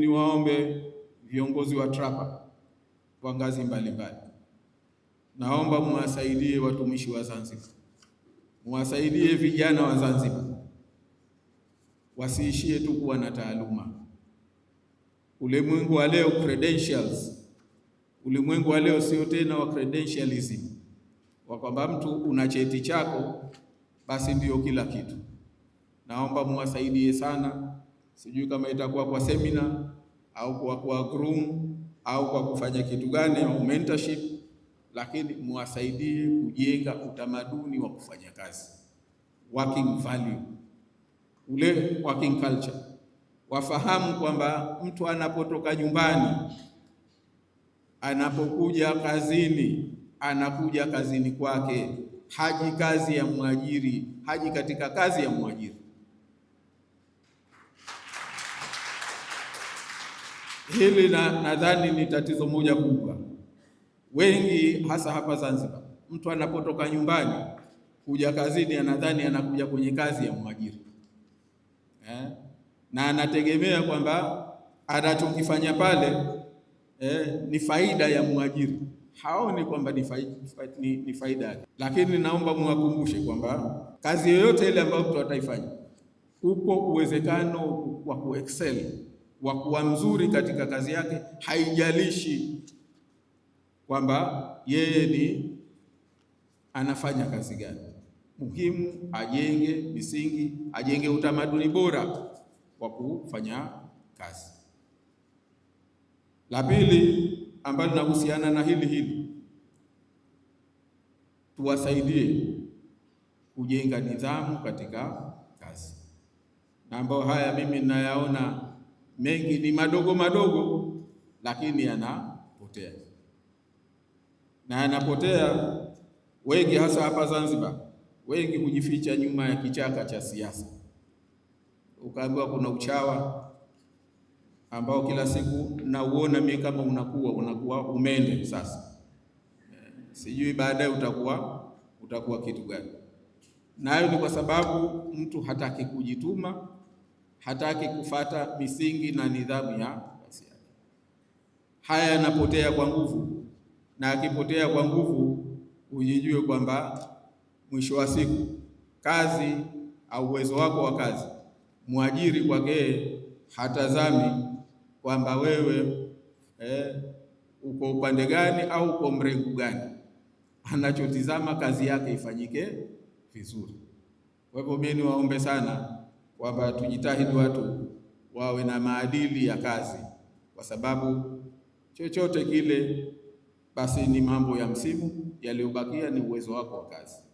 ni waombe viongozi wa TRAPA wa ngazi mbalimbali, naomba muwasaidie watumishi wa Zanzibar, muwasaidie vijana wa Zanzibar, wasiishie tu kuwa na taaluma. Ulimwengu wa leo credentials, ulimwengu wa leo sio tena wa credentialism, wa kwamba mtu una cheti chako basi ndio kila kitu. Naomba muwasaidie sana Sijui kama itakuwa kwa semina au kwa kwa groom au kwa kufanya kitu gani au mentorship, lakini muwasaidie kujenga utamaduni wa kufanya kazi, working value, ule working culture. Wafahamu kwamba mtu anapotoka nyumbani anapokuja kazini anakuja kazini kwake, haji kazi ya mwajiri, haji katika kazi ya mwajiri. Hili nadhani na ni tatizo moja kubwa. Wengi hasa hapa Zanzibar, mtu anapotoka nyumbani kuja kazini anadhani anakuja kwenye kazi ya mwajiri eh? na anategemea kwamba anachokifanya pale eh, ni faida ya mwajiri. Haoni kwamba ni faida, ni, ni faida. Lakini naomba mwakumbushe kwamba kazi yoyote ile ambayo mtu ataifanya, upo uwezekano wa kuexcel wa kuwa mzuri katika kazi yake, haijalishi kwamba yeye ni anafanya kazi gani. Muhimu ajenge misingi, ajenge utamaduni bora wa kufanya kazi. La pili ambalo linahusiana na hili hili, tuwasaidie kujenga nidhamu katika kazi, na ambayo haya mimi ninayaona mengi ni madogo madogo, lakini yanapotea na yanapotea wengi, hasa hapa Zanzibar, wengi kujificha nyuma ya kichaka cha siasa. Ukaambiwa kuna uchawa ambao kila siku nauona mimi, kama unakuwa unakuwa umende sasa, sijui baadaye utakuwa utakuwa kitu gani? Nayo ni kwa sababu mtu hataki kujituma hataki kufata misingi na nidhamu ya kazi yake. Haya yanapotea kwa nguvu, na akipotea kwa nguvu, ujijue kwamba mwisho wa siku kazi au uwezo wako wa kazi, mwajiri kwake hatazami kwamba wewe eh, uko upande gani au uko mrengu gani, anachotizama kazi yake ifanyike vizuri. Kwa hivyo mimi niwaombe sana kwamba tujitahidi watu wawe na maadili ya kazi, kwa sababu chochote kile basi ni mambo ya msimu, yaliyobakia ni uwezo wako wa kazi.